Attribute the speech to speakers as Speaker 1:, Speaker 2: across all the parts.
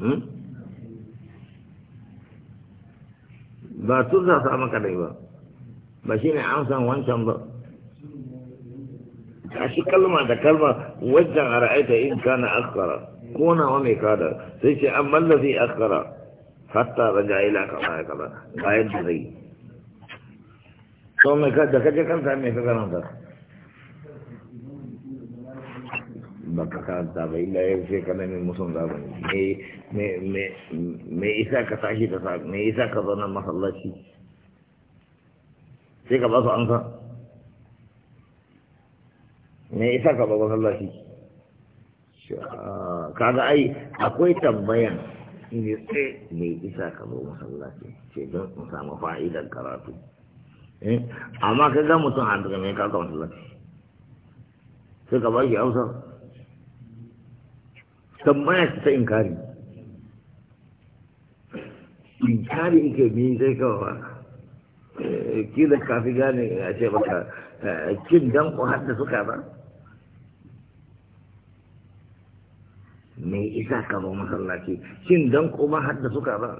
Speaker 1: Hmm? ba tursa sa maka dai ba ba shi ne an san wancan ba a shi kalma da kalma wajen a ra'aita in kana askara ko na wani kada sai ce an mallafi askara hatta ga ila kaza ya kaza ga yadda zai sau mai kada kaje kanta mai kakaranta ba ka karanta ba illa ya ce kana min musun zamani me isa ka tashi da sa me isa ka zauna masallaci sai ka ba su san me isa ka ba masallaci kaga ai akwai tambayan ne sai me isa ka ba masallaci ce don in samu fa'idar karatu eh, amma ka ga mutum a daga mai kaka masallaci sai ka ba shi amsa tambaya ce ta inkari inkari ke bi sai kawawa eh, kila kafi gane a ce baka kin eh, dan ku hadda suka ba me isa ka zo masallaci kin dan ku ma hadda suka ba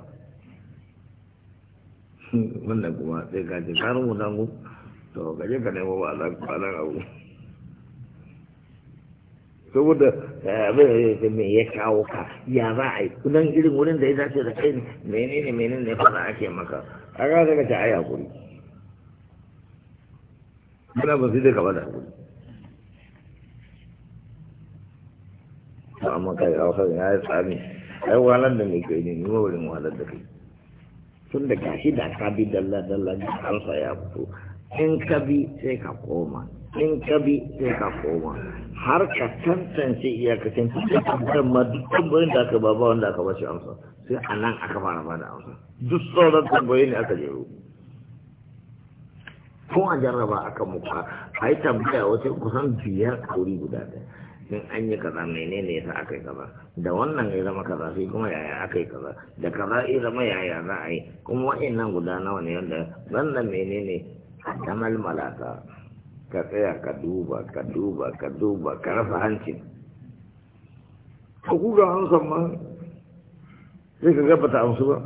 Speaker 1: wannan kuma sai ka ce karin mu dan ku to gaje ka nemo ba za ku ba ku saboda abin eh, me ya kawo ka ya za a yi kudan irin wurin da ya dace da kai menene menene ne fara ake maka a ga daga ta aya kuri muna ba sai da gaba da hakuri amma kai a wasan ya yi tsami a yi wahalar da mai kai ne ni ma wurin wahalar da kai tun da gashi da ka bi dalla dalla da kansa ya fito in ka bi sai ka koma in ka bi sai ka koma har ka tantance iyakacin tambayar ma duk tambayoyin da aka ba ba wanda aka ba shi amsa sai a nan aka fara ba da amsa duk sauran tambayoyi ne aka jero ko a jarraba akan muka a yi tambaya wata kusan biyar a wuri guda ɗaya in an yi kaza menene sa aka yi kaza da wannan ya zama kaza sai kuma yaya aka yi kaza da kaza ya zama yaya za a yi kuma nan guda nawa ne wanda wannan menene a tamal malaka ka tsaya ka duba ka duba ka duba ka rasa hancin ka ga hansan ma sai ka gabata amsu ba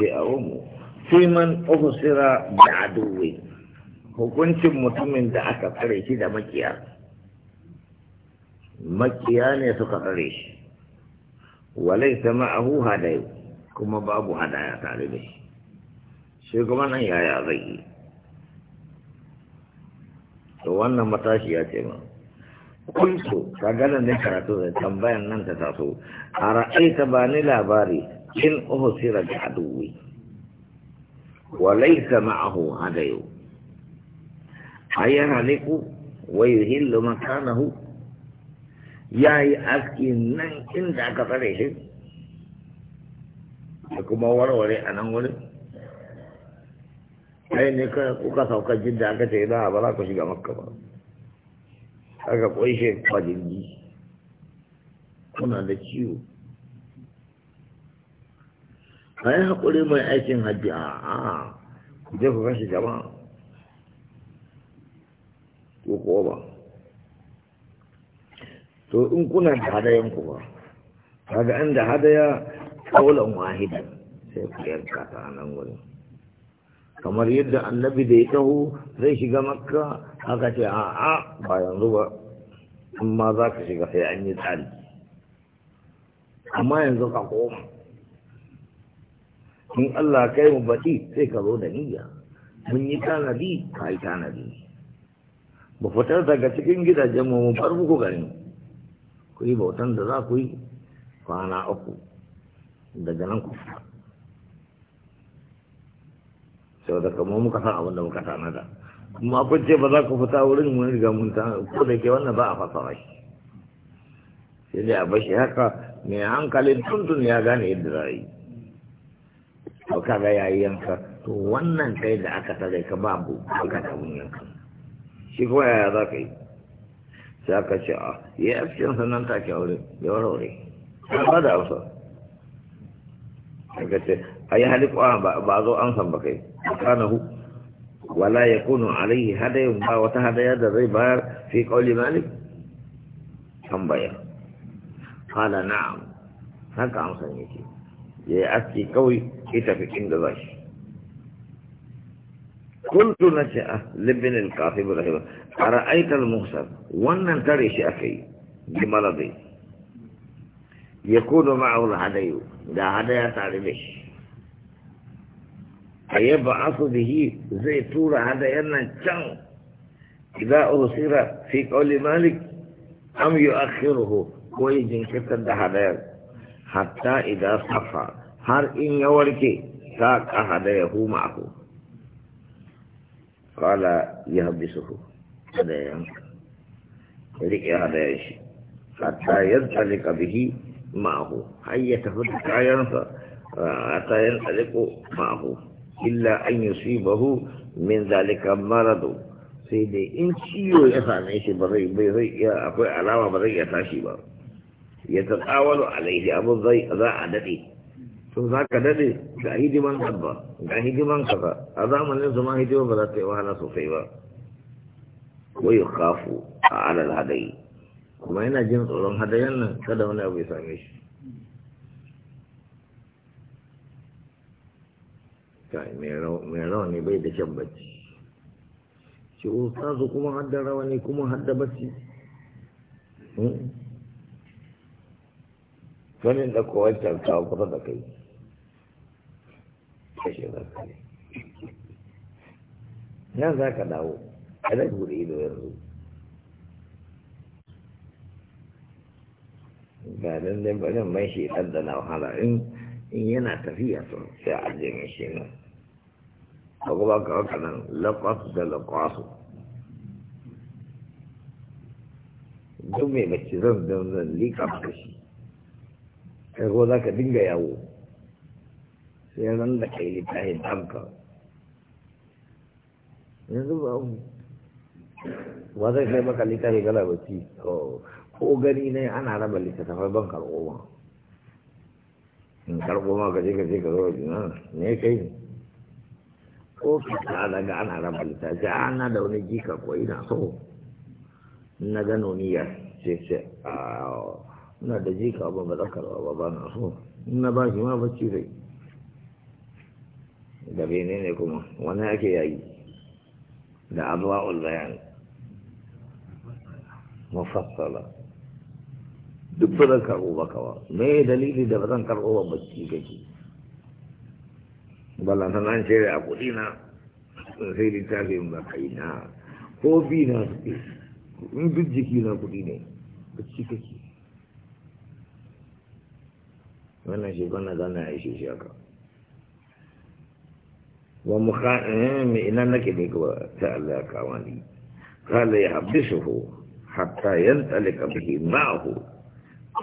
Speaker 1: sai a wamu siman ofisira da aduwe hukuncin mutumin da aka tsare shi da makiya makiya ne suka tsare shi walai sama ahu hadayu kuma babu hadaya tare da shi shi kuma nan yaya zai yi to wannan matashi ya ce min kuntu gana ne karatu da tambayan nan ta taso a ra'aita ba ni labari in sira da aduwi wa laisa ma'ahu hadayu ayyana liku wa yuhillu makanahu yayi aski nan inda aka tsare shi da kuma warware a nan wurin ai ne kuka sauka jidda aka ce idan ba za ku shiga makka ba aka ƙunshe kwajirgi kuna da ciwo a yi haƙuri mai aikin hajji a a ku je ku kashe jama'a ko kuwa ba to in kuna da hadayen ku ba kaga an da hadaya kaulan wahida sai ku yanka ta nan wurin kamar yadda annabi da ya taho zai shiga makka aka ce a'a ba yanzu ba amma za ka shiga sai an yi tsari amma yanzu ka koma in Allah kai mu baɗi sai ka zo da niyya mun yi tanadi ka yi tanadi ba fitar daga cikin gidajen mu bar muku gani ku yi bautan da za ku yi kwana uku daga nan ku fita sau da kamar muka san abin da muka tanada kuma akwai ce ba za ku fita wurin mun riga mun ta ko da ke wannan ba a fasara shi sai dai a bashi haka mai hankali tuntun ya gane yadda za yi ka kaga yayi yanka to wannan kai da aka tare ka babu aka da mun yanka shi kuma yaya za ka yi sai aka ce a ah, ya fi sannan take wurin ya warware ba da hausa kace ce ah, a ba a ba zo an san ba kai sanahu wala ya kunu alaihi ba wa ta hadaya da zai ba fi kauli malik tambaya kana na'am haka san yake ya yi aski kawai ita tafi kin za shi kuntu na ce ah libin alkafi rahima a ra'aitar musar wannan tare shi akai yi bi maladai يكون معه الهدي ده هدي تعلمش فيبعث به زي طول أن كان إذا أرسل في قول مالك أم يؤخره ويجن كتد هدايا حتى إذا صفى هر إن يورك ساق هو معه قال يهبسه هدايا لك هدي حتى يذلك به ma'ahu har ya tafi da kayansa a tayin aliko ma'ahu illa an yi bahu min zalika maradu sai dai in ciwo ya same shi ba zai bai zai iya akwai alama ba zai iya tashi ba ya a laifi abu zai za a daɗe to za ka daɗe ga hidiman dabba ga hidiman kaza a zamanin zama hidiman hidima ba za ta yi wahala sosai ba wai kafu a alal hadayi kuma yana jin tsoron hadayen nan kada wani abu ya same shi mai rawani bai da kyan bacci shi ustazu kuma hadda rawani kuma hadda bacci hmm? wani da kowar kawo kusa da kai kashe za ka nan za ka dawo a zai buɗe ido yanzu ba lallai ba zan mai shi da na wahala in yana tafiya to sai a je mai shi nan ba ba ka waka nan lakwas da lakwasu duk mai bacci zan zan zan liƙa maka shi kai ko za ka dinga yawo sai ran da kai littafin ɗanka yanzu ba mu ba zai kai maka littafi gala bacci oh. ko gani ne ana raba littattafai ban karɓo ma in karɓo ma gaje gaje ka zo jina ah, ne kai ko ka daga ana raba littattafai ana ah, da wani jika ko ina so na gano niyyar ce sai ah, ina da jika ba ba zakarwa ba ba na so na ba shi ma bacci zai da bene ne kuma wani ake yayi da abuwa ulbayan mufassala دكتور كروبا كوا ما دليل ده بدن كروبا بتشي كذي بل أنا نانشي أقولينا غير تالي ما كينا هو بينا بس من بيجي كينا أقولينا بتشي كذي ولا شيء بنا دنا عيش يشاك ومخا ام ان انك ديك تعالى كواني قال يحبسه حتى ينتلك به معه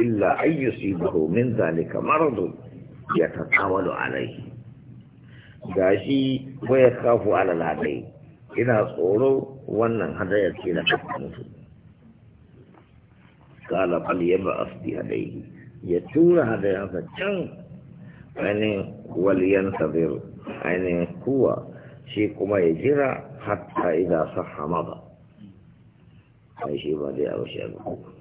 Speaker 1: إلا أن يصيبه من ذلك مرض يتطاول عليه gashi ko ya kafu ala ladai ina tsoro wannan hadaya ce na mutu kala bal a asbi hadai ya tura hadayansa can ainihin waliyan sabiru ainihin kuwa shi kuma ya jira hatta idan sa hamada ai shi ba dai a wasu